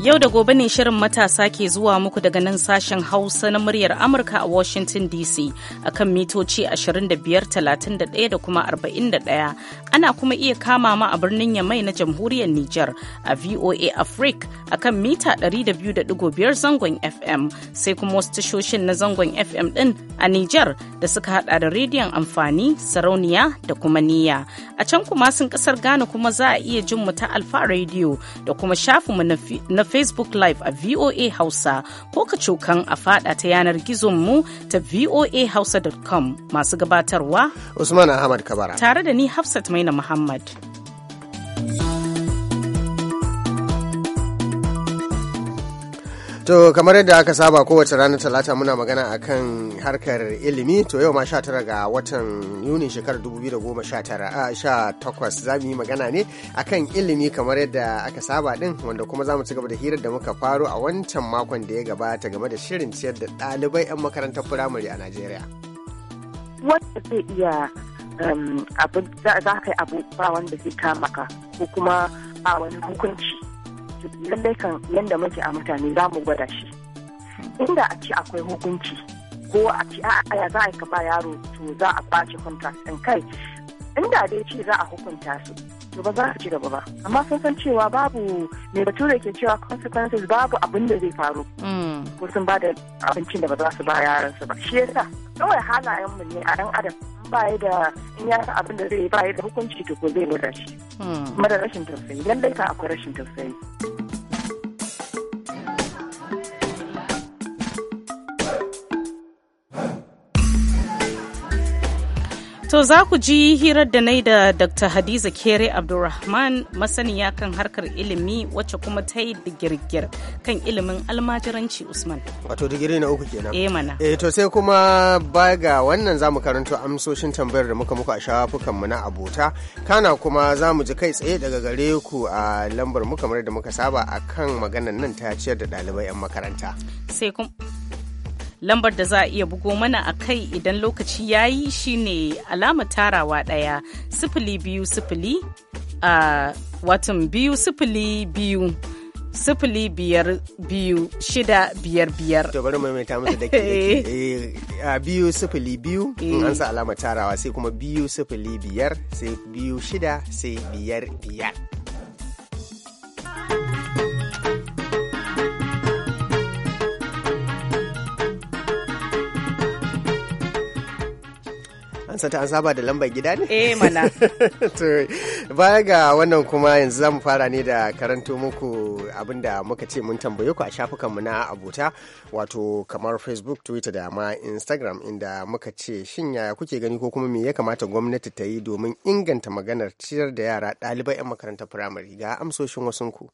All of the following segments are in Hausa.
Yau da gobe ne shirin matasa ke zuwa muku daga nan sashen Hausa na muryar Amurka a Washington DC a kan mitoci 25,31 da kuma 41. Ana kuma iya kama ma a birnin Yamai na Jamhuriyar Nijar a VOA Africa a kan mita 200.5 zangon FM sai kuma wasu tashoshin na zangon FM din a Nijar da suka hada da rediyon amfani, sarauniya da kuma niyya. A can kuma sun kasar Ghana kuma za a iya jin mu ta Alfa Radio da kuma shafinmu na Facebook Live a VOA Hausa ko ka cokan a fada ta yanar gizonmu ta voahausa.com masu gabatarwa. Usman Ahmad Kabara. Tare da ni Hafsat Maina Muhammad. To kamar yadda aka saba kowace ranar talata muna magana akan harkar ilimi to yau ma 19 ga watan Yuni shekarar 2018 za mu yi magana ne akan ilimi kamar yadda aka saba din wanda kuma za mu ci gaba da hirar da muka faro a wancan makon da ya gabata game da shirin ciyar da ɗalibai 'yan makarantar firamare a Najeriya. Wanda zai iya um, abin za ka yi abu ba wanda zai kama ka ko kuma ba wani hukunci lallai kan yadda muke a mutane za mu gwada shi inda a ce akwai hukunci ko a ce a ya za a yi yaro to za a kwace contract ɗin kai inda dai ce za a hukunta su to ba za a ci gaba ba amma sun san cewa babu mai bature ke cewa consequences babu abin da zai faru mm. ko sun ba da abincin da ba za su ba yaran su ba shi yasa kawai halayen mu ne a dan adam ba ya da in ya san abin da zai ba ya da hukunci to ko zai wada shi mm. kuma da rashin tausayi dai ka akwai rashin tausayi To za ku ji hirar da nai da Dr. Hadiza Kere Abdulrahman masaniya kan harkar ilimi wacce kuma ta yi digirgir kan ilimin almajiranci Usman. Wato digiri na uku kenan. Eh mana. Eh to sai kuma ba ga wannan zamu karanto amsoshin tambayar da muka muku a shafukan mu na abota. Kana kuma zamu ji kai tsaye daga gare ku a lambar mu kamar da muka saba akan maganar nan ta ciyar da ɗalibai 'yan makaranta. Sai kuma lambar da za a iya bugo mana a kai idan lokaci ya yi shine alama tarawa ɗaya sifili biyu sifili a watan biyu sifili biyu sifili biyar biyu shida biyar biyar. To bari maimaita musu da ke a biyu sifili biyu in eh. an sa alama tarawa sai kuma biyu sifili biyar sai biyu shida sai biyar biyar. sata an saba da lambar gida ne? Eh mana. baya ga wannan kuma yanzu zamu fara ne da karanto muku abinda muka ce mun tambaye ku a shafukanmu na abota wato kamar Facebook, Twitter da ma Instagram inda muka ce shin yaya kuke gani ko kuma me ya kamata gwamnati ta yi domin inganta maganar ciyar da yara ɗalibai 'yan makarantar firamare ga amsoshin wasunku. ku.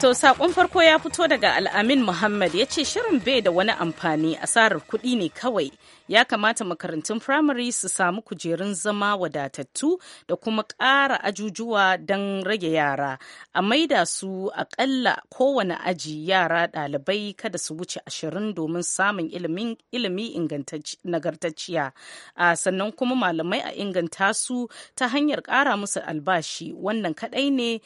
To sakon farko ya fito daga Al'amin Muhammad ya ce shirin bai da wani amfani asarar kuɗi ne kawai ya kamata makarantun firamare su samu kujerun zama wadatattu da kuma ƙara ajujuwa don rage yara a maida su aƙalla kowane aji yara ɗalibai kada su wuce ashirin domin samun ilimi nagartacciya a sannan kuma malamai a inganta su ta hanyar ƙara musu albashi wannan kaɗai ne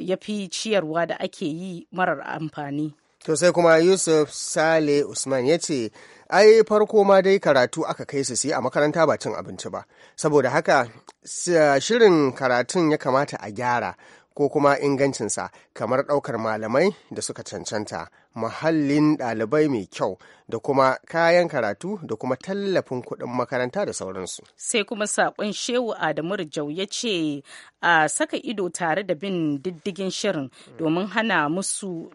ya fi ciyarwa da ake yi marar amfani. to sai kuma yusuf sale usman ya ce ai farko ma dai karatu aka kai su a makaranta ba cin abinci ba saboda haka shirin karatun ya kamata a gyara ko kuma ingancinsa kamar ɗaukar malamai da suka cancanta muhallin ɗalibai mai kyau da kuma kayan karatu da kuma tallafin kuɗin makaranta da sauransu. Sai kuma saƙon Shehu Adamu Rijau ya ce a saka ido tare da bin diddigin shirin domin hana masu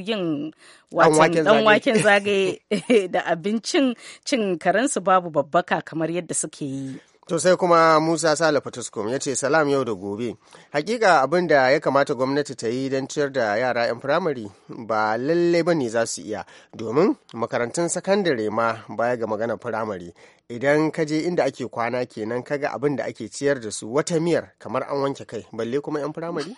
yin watan waken zagaye da abincin cin karensu babu babbaka kamar yadda suke yi. To sai kuma Musa Sale Fatuskum ya ce salam yau da gobe. Hakika abin da ya kamata gwamnati ta yi don ciyar da yara 'yan firamare ba lallai ba ne za su iya domin makarantun sakandare ma baya ga magana firamare. Idan ka je inda ake kwana kenan kaga abin da ake ciyar da su wata miyar kamar an wanke kai balle kuma 'yan firamare?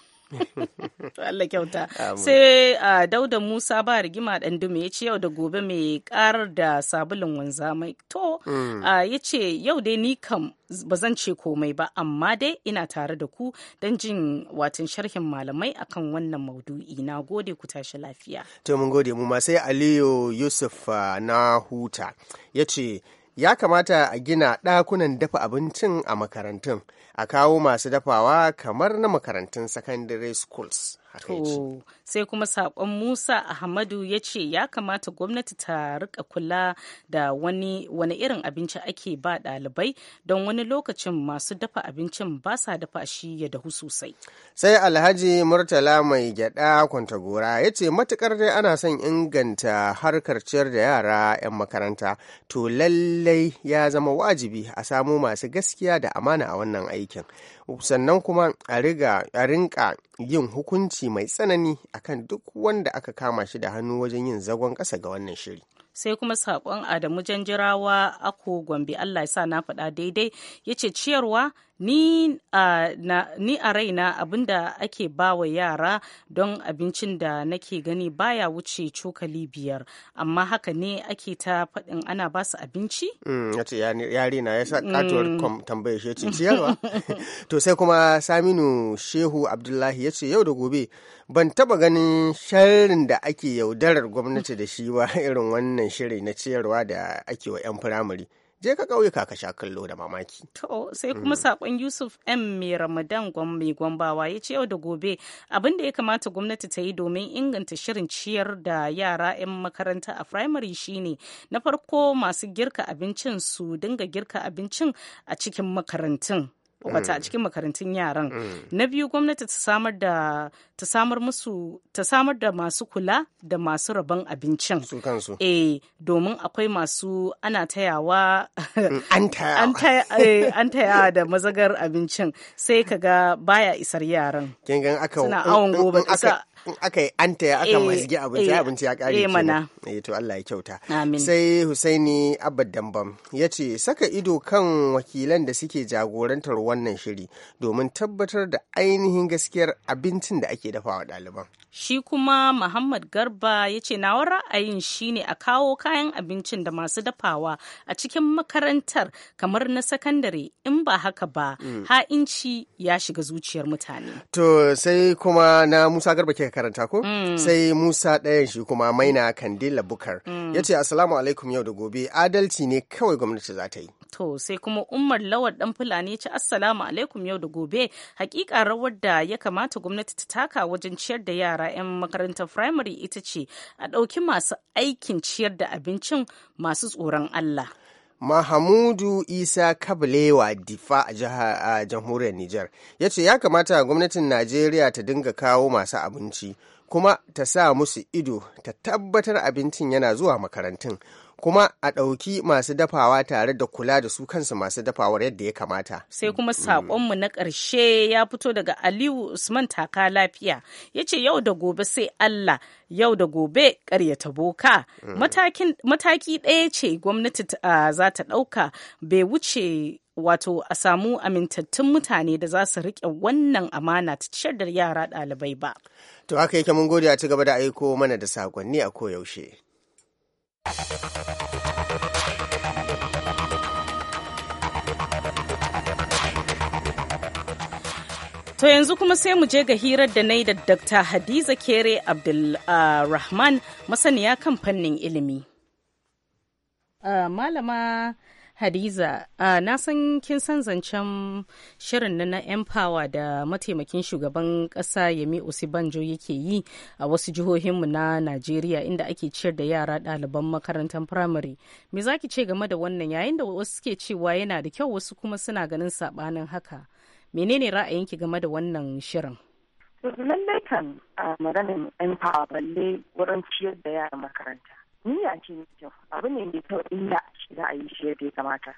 Allah kyauta. Sai a Dauda Musa ba rigima dan dume ya ce yau da gobe mai ƙarar da sabulin wanzamai. To hmm. ya ce yau dai ni kam ba zan ce komai ba amma dai ina tare da ku don jin watan sharhin malamai akan wannan maudu'i na gode ku tashi lafiya. To mun gode mu ma sai Aliyu Yusuf na huta ya ce ya kamata a gina ɗakunan dafa abincin a makarantun a kawo masu dafawa kamar na makarantun secondary schools To sai kuma saƙon Musa Ahmadu ya ce ya kamata gwamnati ta rika kula da wani wani irin abinci ake ba ɗalibai don wani lokacin masu dafa abincin ba sa dafa shi ya dahu sosai. Sai Alhaji Murtala mai gyada Kwantagora ya ce matukar dai ana son inganta harkar ciyar da yara 'yan makaranta to lallai ya zama wajibi a samu masu gaskiya da amana a wannan aikin. Sannan kuma a rinka yin hukunci mai tsanani akan duk wanda aka kama shi da hannu wajen yin zagon ƙasa ga wannan shiri. sai kuma saƙon adamu janjirawa ako gombe allah ya sa na faɗa daidai ya ce ciyarwa ni a raina abin da ake bawa yara don abincin da nake gani baya wuce cokali biyar amma haka ne ake ta faɗin ana ba su abinci? Mm, yari na ya sa mm. katuwar tambaya shi ce ciyarwa to sai kuma saminu shehu abdullahi ya ce yau da gobe ban taba ganin shirin da ake yaudarar gwamnati da shi ba irin wannan shiri na ciyarwa da ake wa 'yan firamare je ka ƙauyuka ka sha kallo da mamaki. To sai kuma mm. saƙon Yusuf M mai Ramadan mai gwambawa ya ce yau da gobe abin da ya kamata gwamnati ta yi domin inganta shirin ciyar da yara 'yan makaranta a firamare shine na farko masu girka abincin su dinga girka abincin a cikin makarantun. wata a mm. cikin makarantun yaran mm. na biyu gwamnati ta samar da ta samar musu ta samar da masu kula da masu rabon abincin su kansu eh domin akwai masu ana tayawa eh, an taya da mazagar abincin sai kaga baya isar yaran kin aka suna awon gobe aka yi an taya aka eh, mazgi abinci eh, abinci ya kare eh, mana eh to Allah ya kyauta sai Husaini Abba Dambam ya ce saka ido kan wakilan da suke jagorantar wannan shiri domin tabbatar da ainihin gaskiyar abincin da ake dafawa ɗaliban shi kuma Muhammad Garba ya ce nawa ra'ayin shine a kawo kayan abincin da masu dafawa a cikin makarantar kamar na sakandare in ba haka ba mm. ha'inci ya shiga zuciyar mutane to sai kuma na Musa Garba ke karanta ko mm. sai musa ɗayan shi kuma maina kandila bukar mm. yace ce asalamu alaikum yau da gobe adalci ne kawai gwamnati za ta yi to sai kuma umar lawal dan fulani ci assalamu alaikum yau da gobe hakika rawar da ya kamata gwamnati ta taka wajen ciyar da yara 'yan makarantar firamare ita ce a ɗauki masu aikin ciyar da abincin masu tsoron allah Mahamudu Isa Kablewa Difa a jamhuriyar Nijar ya ce ya kamata gwamnatin Najeriya ta dinga kawo masu abinci kuma ta sa musu ido ta tabbatar abincin yana zuwa makarantun kuma a ɗauki masu dafawa tare da kula da su kansu masu dafawar yadda ya kamata. Sai kuma mm. saƙonmu na ƙarshe ya fito daga Aliyu Usman Taka Lafiya ya ce yau da gobe sai Allah yau da gobe ƙaryata boka. Mm. Mataki ɗaya ce gwamnati za ta ɗauka bai wuce wato a samu amintattun mutane da za su riƙe wannan amana ta ciyar da yara ɗalibai ba. To haka yake mun gode a ci gaba da aiko mana da saƙonni a koyaushe. To yanzu kuma sai mu je ga hirar da na yi da Dr. Hadiza Kere Abdulrahman ah, masaniya kan fannin ilimi. Uh, Malama Hadiza, uh, nasan kin san zancen shirin na na Empower da mataimakin shugaban ƙasa Yemi Osibanjo yake yi a wasu jihohinmu na Najeriya inda ake ciyar da yara ɗaliban makarantar primary Me za ki ce game da wannan yayin da wasu ke cewa yana da kyau wasu kuma suna ganin saɓanin haka. Menene ra'ayinki game da wannan shirin? Lallai kan maganin Empower balle wurin ciyar da yara makaranta. niyya ce mai kyau abu ne mai kyau in ya za a yi shi yadda ya kamata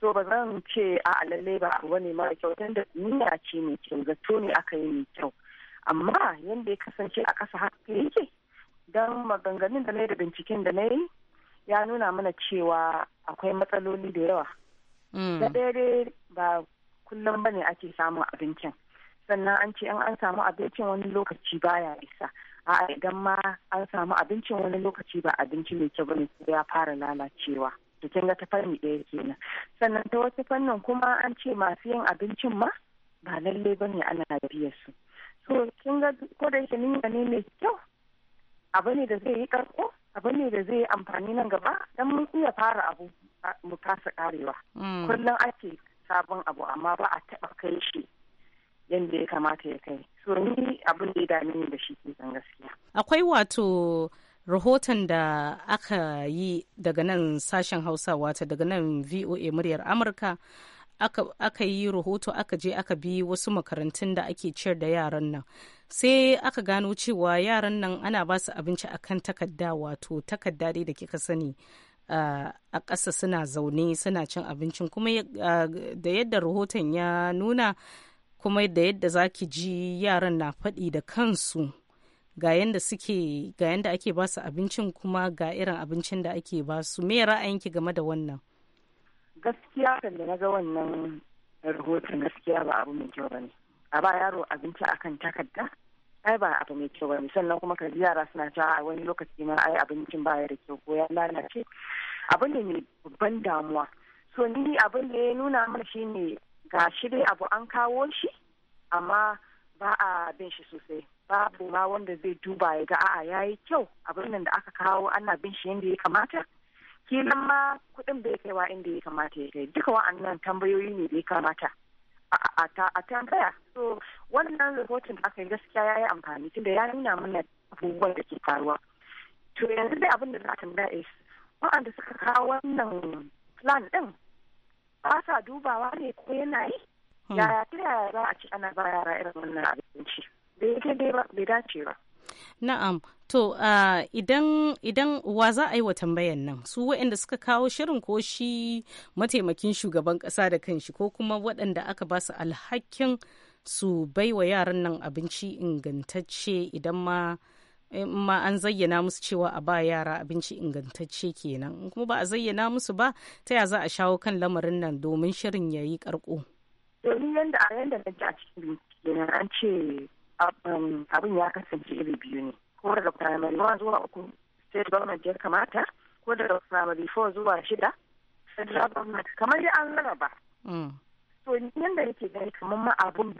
so ba zan ce a lallai ba abu ne mara kyau tun da niyya ce mai kyau zato ne aka yi mai kyau amma yadda ya kasance a ƙasa haka yake don maganganun da na yi da binciken da na yi ya nuna mana cewa akwai matsaloli da yawa mm. na ɗaya ba kullum ba ne ake samun abincin sannan an ce an samu abincin wani lokaci baya isa a idan ma an samu abincin wani lokaci ba abinci mai kyau bane ya fara lalacewa to kin ga ta fanni ɗaya kenan sannan ta wasu fannin kuma an ce masu yin abincin ma ba lalle bane ana biya su so kin ga ko da yake niyya ne mai kyau abu ne da zai yi karko abu ne da zai yi amfani nan gaba dan mun iya fara abu mu kasa karewa mm. kullum ake sabon abu amma ba a taɓa kai shi yadda ya kamata ya kai so ni abin da ya dame ni da shi kenan gaskiya akwai wato rahoton da aka yi daga nan sashen hausa wato daga nan voa muryar amurka aka, yi rahoto aka je aka bi wasu makarantun da ake ciyar da yaran nan sai aka gano cewa yaran nan ana ba su abinci akan takarda wato takarda dai da kika sani a ƙasa suna zaune suna cin abincin kuma da yadda rahoton ya nuna kuma da yadda za ki ji yaran na faɗi da kansu ga yadda suke ga yadda ake ba su abincin kuma ga irin abincin da ake ba su me ra'ayinki game da wannan gaskiya kan da na wannan rahoton gaskiya ba abu mai kyau bane a ba yaro abinci akan takarda ai ba abu mai kyau bane sannan kuma ka yara suna ta a wani lokaci ma ai abincin baya da kyau ko ya lalace abin da mai babban damuwa so ni abin da ya nuna mana shine ga shi dai abu an kawo shi amma ba a bin shi sosai babu ma wanda zai duba ya ga a'a yayi kyau abin nan da aka kawo ana bin shi yadda ya kamata kilan ma kudin bai kai wa inda ya kamata ya kai duka wa'annan tambayoyi ne da ya kamata a tambaya so wannan rahoton da aka yi gaskiya ya yi amfani tunda ya nuna mana abubuwan da ke faruwa to yanzu dai abin da za a tambaya is waɗanda suka kawo wannan plan din. ba dubawa ne ko yana yi hmm. yaya kira ya za a ci ana ba yara irin wannan abinci bai dace ba Na'am, to idan idan wa za a yi wa tambayan nan su waɗanda suka kawo shirin ko shi mataimakin shugaban ƙasa da kan shi ko kuma waɗanda aka ba su alhakin su baiwa yaran nan abinci ingantacce idan ma Eh, ma an zayyana musu cewa a ba yara abinci ingantacce kenan kuma ba a zayyana musu ba ta ya za a shawo kan lamarin nan domin shirin ya yi karko domin yadda a yadda na ji a cikin kenan an ce um, abin ya kasance iri biyu ne ko daga primary one zuwa uku state government ya kamata ko daga primary four zuwa shida federal government kamar dai an ba. Mm. to yadda yake gani kamar ma abin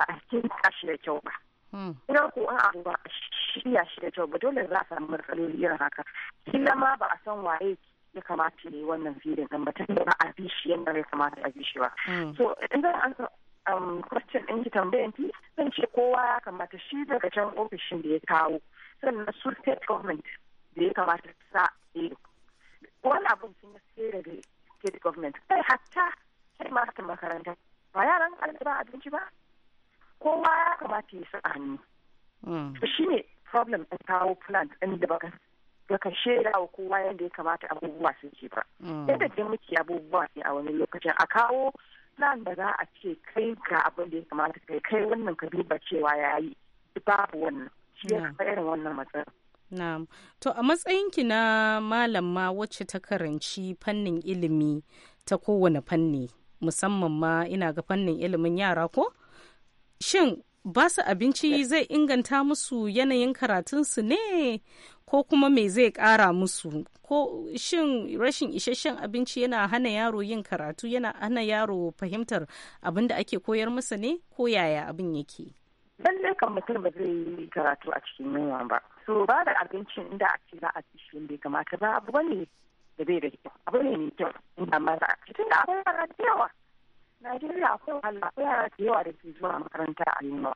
ba a cikin kashi da kyau ba Hmm. Ina ko a abu ba a shirya shi da kyau ba dole za a samu matsaloli irin haka. Kila ma ba a san waye ya kamata ne wannan filin ɗin ba ta ba a bi shi yadda ya kamata a bi shi ba. Hmm. So in zan an um, question ɗin ki tambayan ki zan ce kowa ya kamata shi daga can ofishin da ya kawo sannan su state government da ya kamata su sa ido. Wani abun sun sai daga state government kai hatta kai masu makaranta ba yaran ba abinci ba kowa ya kamata ya sa hannu mm. shi ne problem in kawo plant in da baka baka shaida wa kowa yadda ya kamata abubuwa su ce ba mm. yadda dai muke abubuwa ne a wani lokacin a kawo plant da za a ce kai ga abin da ya kamata kai kai wannan ka duba cewa ya yi babu wannan shi ya kafa irin wannan matsalar. Na'am. To a matsayinki na malama wacce ta karanci fannin ilimi ta kowane fanni musamman ma ina ga fannin ilimin yara ko? shin ba su abinci zai inganta musu yanayin karatunsu ne ko kuma me zai kara musu ko shin rashin isasshen abinci yana hana yaro yin karatu yana hana yaro fahimtar abin da ake koyar masa ne ko yaya abin yake lallai kan mutum ba zai yi karatu a cikin yunwa ba so ba da abincin inda a ce za a ci shi bai kamata ba abu ne da bai da kyau abu ne mai kyau inda ma za a ci da akwai yara da yawa Najeriya akwai wahala akwai yara da yawa da ke zuwa makaranta a yunwa.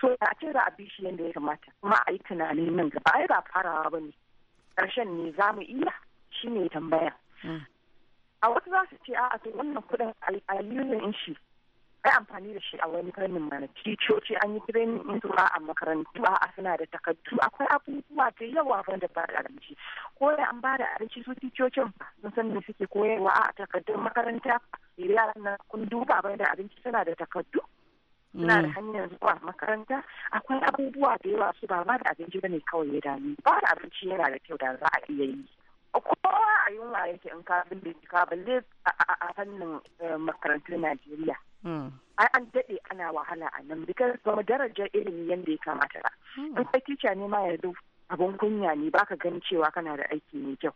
So da ce za a bi shi yadda ya kamata kuma a yi tunani nan gaba ai ba farawa ba ne. Ƙarshen ne za mu iya shi ne tambaya. Mm. A wasu za su ce a'a to wannan kuɗin a yi shi yi amfani da shi a wani fannin mana ticoci an yi training in a makarantu a suna da takardu akwai abubuwa da yawa ban da bada abinci ko da an bada abinci su ticocin sun san me suke koyarwa a takardun makaranta yaran nan kun duba ban da abinci suna da takardu suna da mm. hanyar zuwa makaranta akwai abubuwa da yawa su ba ma da abinci ne kawai ya dami ba da abinci yana da kyau da za a iya yi kowa a yunwa yake in ka bin ka balle a fannin eh, makarantun najeriya Mm. ai an daɗe ana wahala a nan bikas kuma darajar ilimi yadda ya kamata ba hmm. in kai tica ne ma yanzu abun kunya ne baka gani cewa kana da aiki mai kyau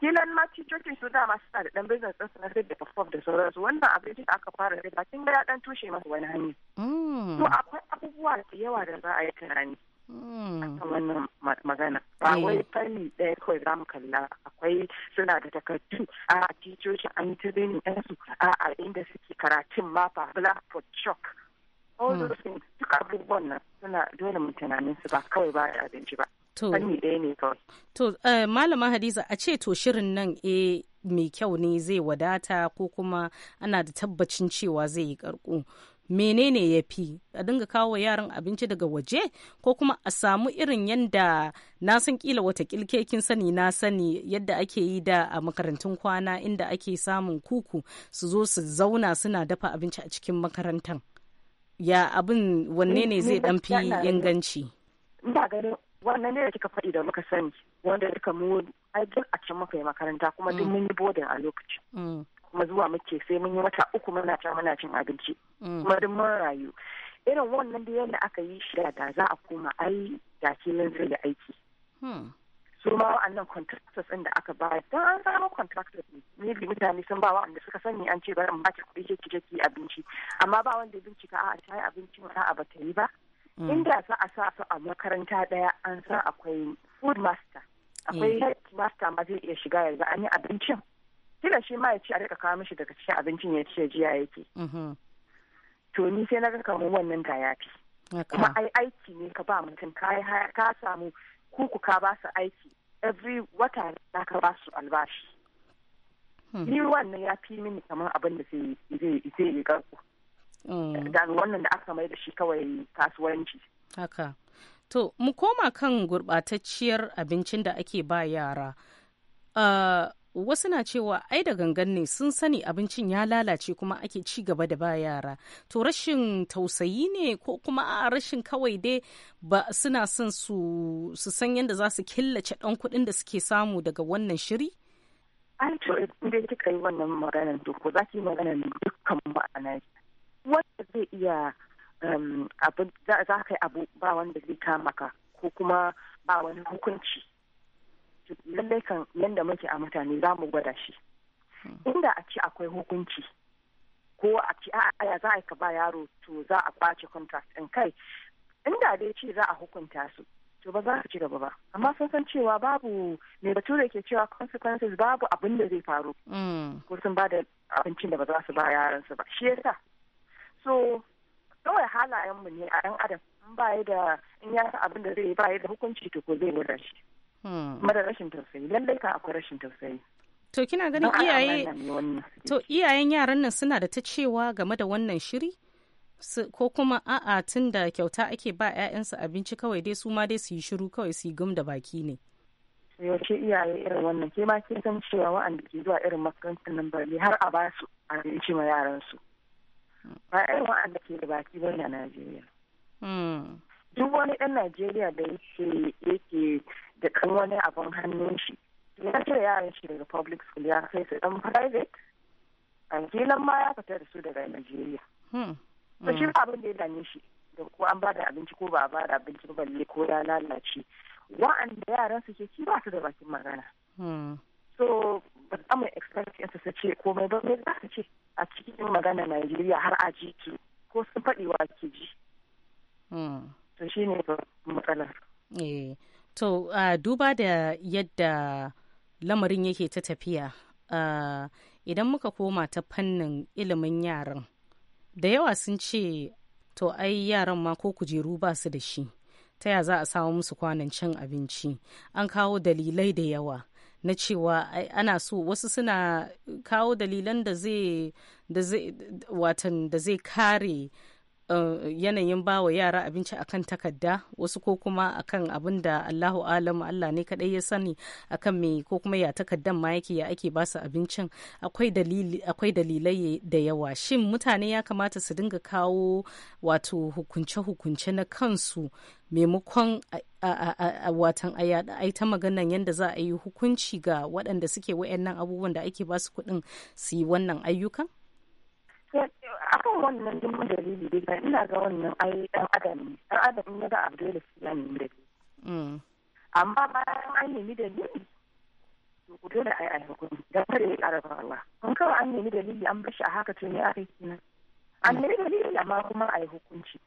kilan ma ticokin su dama suna da dan business din na da perform da sauransu wannan abin da aka fara da ba kin ga ya dan tushe masa wani hanya hmm. to akwai abubuwa da yawa da za a yi tunani Hmm. wannan magana ba eh. wai fanni ɗaya kawai za mu kalla akwai suna da takardu a titoshi an tirin ɗansu a a inda suke karatun ma fa blackboard chalk all hmm. those things duk abubuwan nan suna dole mu tunanin su ba kawai ba da abinci ba fanni ɗaya ne kawai to eh, malama hadiza a ce to shirin nan e mai kyau ne zai wadata ko kuma ana da tabbacin cewa zai yi karko menene ya fi a dinga kawo yaran abinci daga waje ko kuma a samu irin yadda na san kila wata kilkekin sani na sani yadda ake yi da a makarantun kwana inda ake samun kuku su zo su zauna suna dafa abinci a cikin makarantan ya abin wanne ne zai dan fi inganci ba ganin wannan ne da kika faɗi da muka sani wanda duka mu ai duk a can muka yi makaranta kuma duk mm. mun yi bodin a lokacin mm. kuma zuwa muke sai mun yi wata uku muna can muna cin abinci mm. kuma duk mun rayu irin wannan da yadda aka yi shi da za a koma ai da filin zai yi aiki hmm. su ma wa'annan contractors ɗin da aka ba don an samu contractors ne bi mutane sun ba wa'anda suka sani an ce bari in ba ki kuɗi ki je abinci amma ba wanda ya bincika a'a ta yi abinci ma a'a ba ta yi ba hmm. inda za a sa su a makaranta daya an san akwai food master hmm. akwai head master ma zai iya shiga yanzu an yi abincin kila shi ma ya ce a rika kawo mishi daga cikin abincin ya ce jiya yake mm-hmm. to ni sai na ga kamar wannan da ya fi kuma ai aiki ne ka ba mutum ka samu kuku ka ba su aiki every wata na ka ba su albashi hmm. ni wannan ya fi mini kamar abin da zai yi garko mm. dan wannan da aka mai da shi kawai kasuwanci haka to mu koma kan gurbatacciyar abincin da ake ba yara uh, wasu na cewa ai da gangan ne sun sani abincin ya lalace kuma ake ci gaba da ba yara to rashin tausayi ne ko kuma a rashin kawai dai ba suna son su san yadda za su killace dan kuɗin da suke samu daga wannan shiri an to inda kika yi wannan maganar ko za ki maganar dukkan ma'ana wanda zai iya um, za ka yi abu ba wanda zai kama ka ko kuma ba wani hukunci lallai kan yadda muke a mutane za mu gwada shi inda a ci akwai hukunci ko a ci a za a ka ba yaro to za a kwace contract in kai inda dai ce za a hukunta su to ba za su ci gaba ba amma sun san cewa babu mai bature ke cewa consequences babu abin da zai faru mm. ko sun ba da abincin da ba za su ba yaran su ba shi yasa so kawai halayenmu ne a ɗan adam in ba da in ya abin da zai ba da hukunci to ko zai wuce shi Hmm. mara rashin tausayi lallai ka akwai rashin tausayi to kina ganin iyaye to iyayen yaran nan suna da ta cewa game da wannan shiri ko kuma a'a tun da kyauta ake ba 'ya'yansu abinci kawai dai su ma dai su yi shiru kawai su yi gum da baki ne yaushe iyaye irin wannan ke ma ke san cewa wa'anda ke zuwa irin makarantar nan bari har a ba su abinci ma yaran su ba irin wa'anda ke da baki ba na Najeriya hmm. duk wani dan Najeriya da yake yake da kan wani abin hannun shi ya ya yaran shi daga public school ya kai su dan private angilan ma ya fita da su daga Najeriya. So hmm. shi hmm. abin da ya dame shi da ko an ba da abinci ko ba a ba da abinci ba balle ko ya lalace wa'anda yaran su ke ci ba su da bakin magana. Hmm. So ba za mu expect yansu su ce komai ba me za su ce a cikin magana Najeriya har a ji ki ko sun faɗi wa ke ji. To shi ne matsalar. Eh. To uh, duba da yadda lamarin yake ta tafiya uh, idan muka koma ta fannin ilimin yaran da yawa sun ce to ai yaran ma ko kujeru ba su da shi ta ya za a samu musu kwanan cin abinci an kawo dalilai da yawa na cewa ana so wasu suna kawo dalilan da zai watan da zai kare Eh, yanayin ba wa yara abinci akan takarda wasu ko kuma akan abin da Allahu alamu Allah ne kadai ya sani akan me ko kuma ya takardan ma yake ya ake su abincin akwai dalilai da yawa shin mutane ya kamata su dinga kawo wato hukunce hukunce na kansu maimakon watan a ta maganan yadda za a yi hukunci ga waɗanda suke wayannan abubuwan da ake ba su kuɗin su yi wannan ayyukan akan wannan duk dalili dai kan ina ga wannan ai dan adam ne dan adam ne ga abu dole su ya dalili mm. amma bayan an nemi dalili to ku dole ai ai hukumi da kada ya ƙara faruwa kun kawai an nemi dalili an bashi a haka to ne aka kenan an nemi dalili amma kuma ai hukunci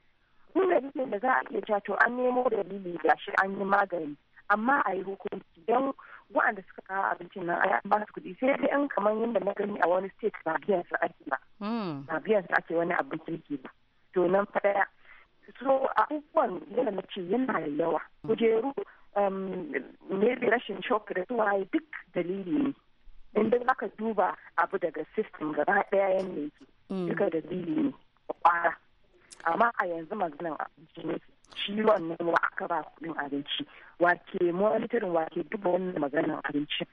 kun dalilin da za a iya cewa to an nemo dalili gashi an yi magani amma a yi hukunci don wa'anda suka kawo abincin nan ai ba su kuɗi sai dai an kamar yadda na gani a wani state ba biyan su ake ba Hmm. ba biyan su ake wani abin kirki ba to nan fadaya so abubuwan yana na ce yana da yawa hmm. kujeru um, maybe rashin shock da suwaye duk dalili ne hmm. inda ka duba abu daga system gaba daya yadda yake duka dalili ne kwara amma a yanzu maganin abinci ne shi ne wa aka ba kudin abinci wake monitorin wake duba wannan maganin abinci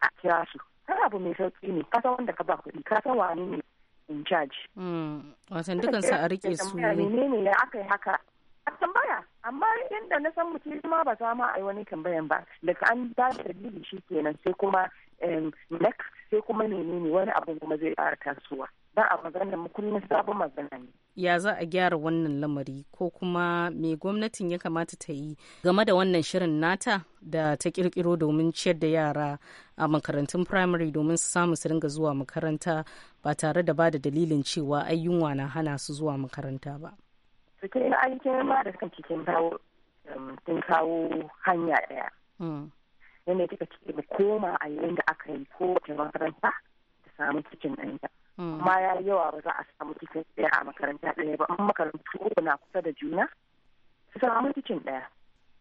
a kira su kan abu mai sauki ne kasan wanda ka ba kuɗi kasan wani ne in charge. Hmm. Watan dukan sa a rike su. ne ya aka yi haka? A tambaya, amma yadda na san mutum ma ba za ma a yi wani tambayan ba. Daga an ba da dalili shi kenan sai kuma next sai kuma ne ne wani abin kuma zai ƙara kasuwa. Za a magana mu kullum sabon magana ne ya za a gyara wannan lamari ko kuma me gwamnatin ya kamata ta yi game da wannan shirin nata da ta kirkiro domin ciyar da yara a makarantun firamare domin su samu su ringa zuwa makaranta ba tare da ba da dalilin cewa ayyunwa na hana su zuwa makaranta ba su aikin ma da kan cikin um, kawo hanya daya hmm. yadda kika ce mu koma a yayin da aka yi kowace makaranta ta samu cikin ɗanta amma ya yi yawa ba za a samu cikin ɗaya a makaranta ɗaya ba amma makarantu uku na kusa da juna su samu titin ɗaya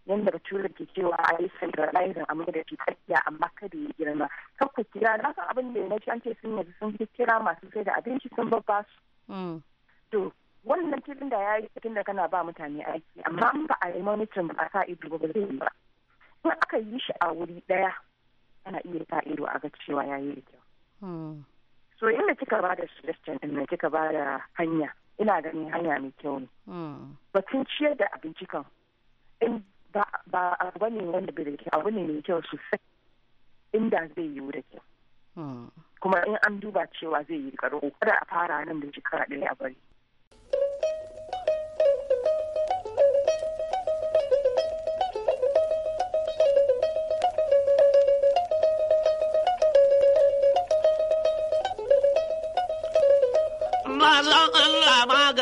yadda tura ke cewa a yi centralizing amma da ke tafiya amma kada ya girma kan ku kira na san abin da ya na an ce sun yanzu sun fi kira masu sai da abinci sun babba su mm. to wannan filin da ya yi tun da kana ba mutane aiki amma in ba a yi monitoring ba a sa ido ba zai yi ba in aka yi shi a wuri daya ana iya sa ido a ga cewa ya yi da kyau mm. so inda kika ba da suggestion inda kika ba da hanya ina ganin hanya mai kyau ne hmm. batun ciyar da abinci kan in ba abu bane wanda bai da kyau abu ne mai kyau sosai inda zai yiwu da kyau hmm. kuma in an duba cewa zai yi karo kada a fara nan da shekara ɗaya a bari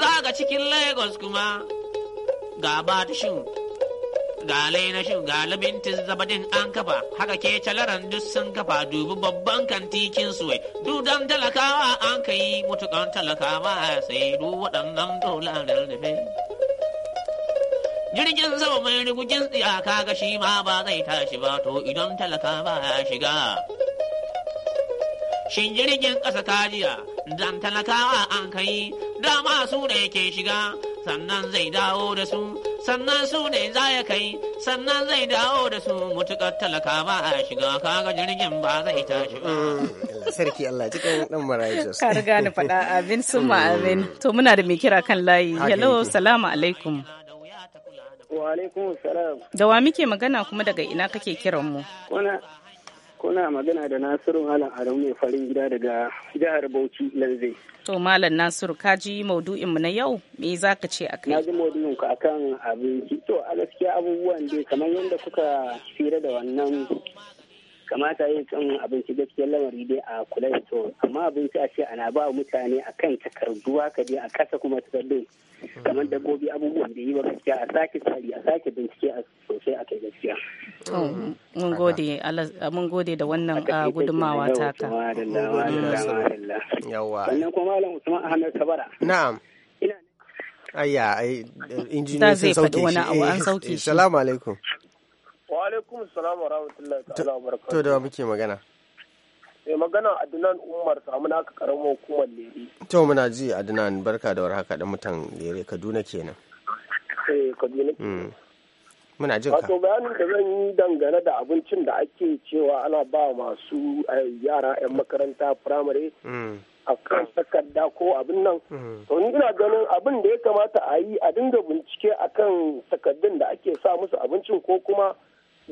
Za ga cikin Lagos kuma ga batishin ga lainashin ga labintin zabadin an kafa haka ke calaran duk sun kafa dubi babban kantikin suwai dudan talakawa an kai Mutu mutukan talakawa sai du waɗannan dolarar da jirgin sama mai rigugin tsiyaka ga shi ma ba zai tashi ba to idan talakawa ya shiga shin jirgin ƙasa kajiya dan talakawa an kai dama su ne ke shiga sannan zai dawo da su sannan su ne za ya kai sannan zai dawo da su mutukar talaka ba a shiga kaga jirgin ba zai tashi ba mm, sarki Allah cikin dan marayus ka riga ni faɗa abin summa abin to muna da mai kira kan layi hello salamu alaikum wa alaikum salam da wa muke magana kuma daga ina kake kiran mu kuna magana da Nasiru Malam Adamu mai farin gida daga jihar Bauchi Lanze. To Malam Nasiru ka ji maudu'inmu na yau me za ka ce akai? Na ji maudu'in ku akan abinci. To a gaskiya abubuwan dai kamar yadda kuka fira da wannan kamata yin kan abinci gaskiyar lamari dai a kula da to amma abinci a ce ana ba mutane a kan takarduwa ka je a kasa kuma ta takardun kamar da gobe abubuwan da yi ba gaskiya a sake tsari a sake bincike a sosai a kai gaskiya. mun gode da wannan ah, gudunmawa taka. Yawwa. Sannan kuma Malam Usman Ahmed Kabara. Na'am. Ayya, injiniya sun sauke eh, shi. Salamu alaikum. Wa alaikum salam wa rahmatullahi ta'ala wa barakatuh. To da muke magana. Mai magana Adnan Umar na aka karamar hukumar Lere. To muna ji Adnan barka da warhaka dan mutan Lere Kaduna kenan. Eh Kaduna. Hmm. Muna jin ka. Wato bayanin da zan yi dangane da abincin da ake cewa ana ba masu eh, yara 'yan makaranta firamare. Hmm. a kan takarda ko abin nan hmm. to ni ina ganin abin da ya kamata a yi a dinga bincike akan takardun da ake sa musu abincin ko kuma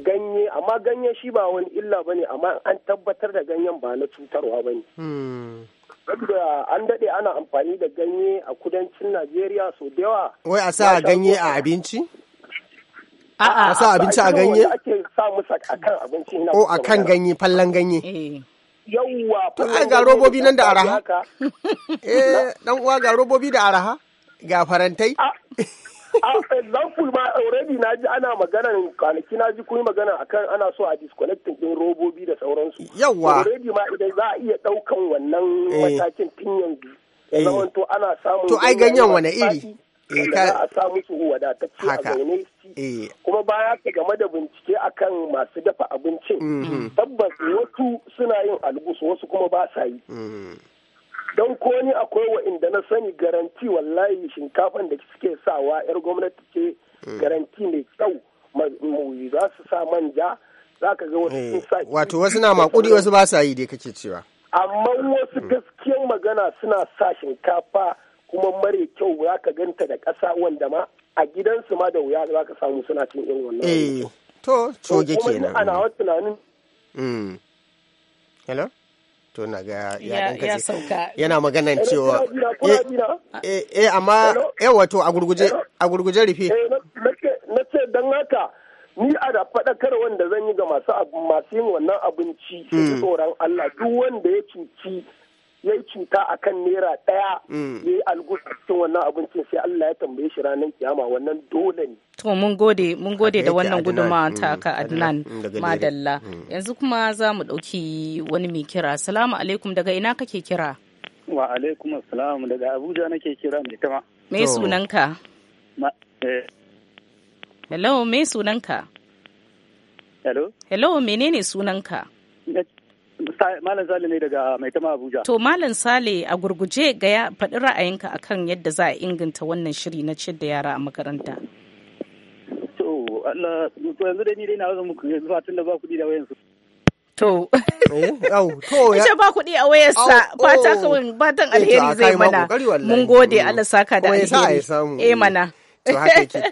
ganye amma ganye shi ba wani illa bane amma an tabbatar da ganyen ba na cutarwa bane hmm. saboda an dade ana amfani da ganye a kudancin Najeriya so da yawa wai a sa ganye a abinci a sa abinci a ganye ake sa musa kan abinci O a kan ganye fallan ganye eh. yawwa to ai ga robobi nan da araha eh dan uwa ga robobi da araha ga farantai Ah, example ma already na ji ana maganan kwanaki na ji kun magana akan ana so a disconnecting din robobi da sauransu yawa already ma idan za a iya daukan wannan eh. matakin tun yanzu ya eh. ana samu to ai ganyen wani iri eh, a sa musu wadatacce a kuma baya ka game da bincike akan masu dafa abincin mm-hmm. tabbas wasu suna yin albus wasu kuma ba sa yi mm-hmm. don ko ni akwai wa'inda na sani garanti wallahi shinkafan da suke sawa 'yar gwamnati ce mm. garanti mai kyau za su sa manja za ka ga wasu sun eh, sa wato wasu na makudi wasu ba sa yi dai kake cewa amma wasu mm. gaskiyar magana suna sa shinkafa kuma mare kyau za ka ganta da ƙasa wanda ma a gidansu ma da wuya za ka samu suna cin irin wannan eh to coge kenan ana wa tunanin mm. hello to na ga ya dan yana maganan cewa eh, eh eh amma eh wato a gurguje a gurguje rufe eh, na ce dan haka ni a da fadakar wanda zan yi ga masu masu yin wannan abinci su hmm. tsoron Allah duk wanda ya cuci ya yi cuta a kan naira ɗaya mm. ya yi algushin wannan abincin sai Allah ya tambaye shi ranar kiyama wannan dole ne. To mun gode mun gode da wannan gudunmawa mm, ta ka Adnan Madalla. Mm. Yanzu kuma za mu ɗauki wani mai kira. Salamu alaikum daga ina kake kira? Wa alaikum salamu daga Abuja nake kira mai tama. Me sunanka? Eh. Hello me sunanka? Hello? Hello menene sunanka? Malam Sale ne daga Maitama Abuja. To Malam Sale a gurguje ga ya faɗi ra'ayinka akan yadda za a inganta wannan shiri na ciyar da yara a makaranta. To Allah to yanzu dai ni dai na zo muku yanzu fatan da ba kuɗi da wayansu. To. Ita eh, ba kuɗi a wayarsa fata kawai batan eh, alheri zai mana. Mun gode Allah saka da alheri. Eh mana. to haka yake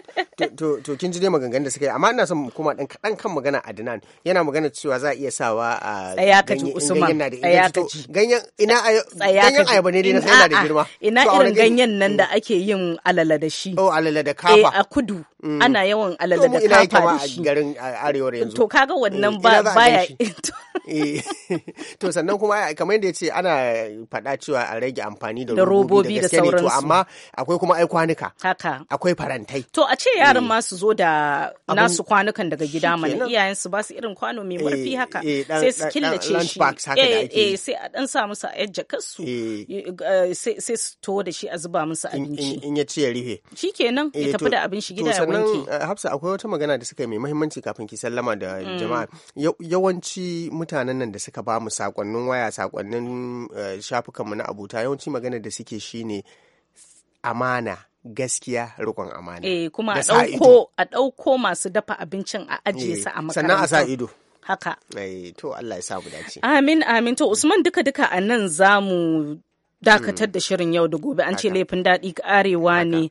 to kin ji dai maganganun da suka yi amma ina son kuma dan kadan kan magana Adnan yana magana cewa za a iya sawa a ah, ganyen Usman ganyen ina ganyen ayaba ne dai na sai da girma ina irin ganyen nan da ake yin alala da shi oh alala da eh, kafa a kudu Mm. ana yawan alada da ka fara shi garin arewar yanzu to kaga wannan eh, ba baya eh, to sannan kuma kamar yadda ce ana faɗa cewa a rage amfani da robobi da sauransu amma akwai kuma ai kwanuka haka akwai farantai to a ce yaran eh. ma su zo da nasu kwanukan daga gida mana iyayen su ba su irin kwano mai murfi haka sai su killace shi eh sai a dan sa musu a jakar su sai su to da shi a zuba musu abinci in ya ce ya rufe shikenan ya tafi da abin shi gida ya sannan eh, hafsa akwai wata magana da suka yi mai mahimmanci kafin ki sallama da mm. jama'a yawanci mutanen nan da suka ba mu sakonnin waya sakonnin eh, shafukanmu na abuta yawanci magana da suke shine amana gaskiya rikon amana eh kuma a dauko a dauko masu dafa abincin a ajiye eh, su a makaranta sannan a sa ido haka. to Allah ya sa mu dace. Amin amin to Usman duka duka a nan zamu. dakatar mm. da shirin yau da gobe an ce laifin daɗi arewa ne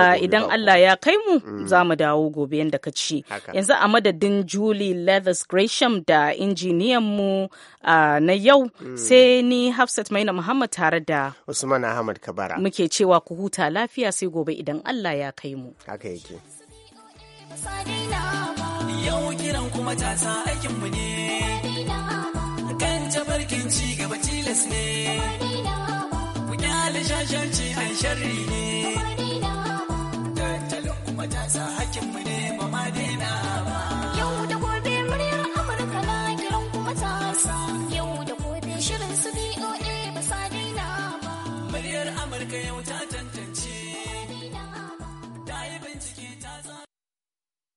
ah, idan Allah ya kai mu mm. za mu dawo gobe yadda ka ce yanzu a madadin Julie Leathers Gresham da injiniyan mu ah, na yau mm. sai ni Hafsat Maina Muhammad tare da Usman Ahmad Kabara muke cewa ku huta lafiya sai gobe idan Allah ya kai mu haka yake yau kiran kuma tasa aikinmu ne kan tabarkin ci gaba tilas ne shashanci ai sharri ne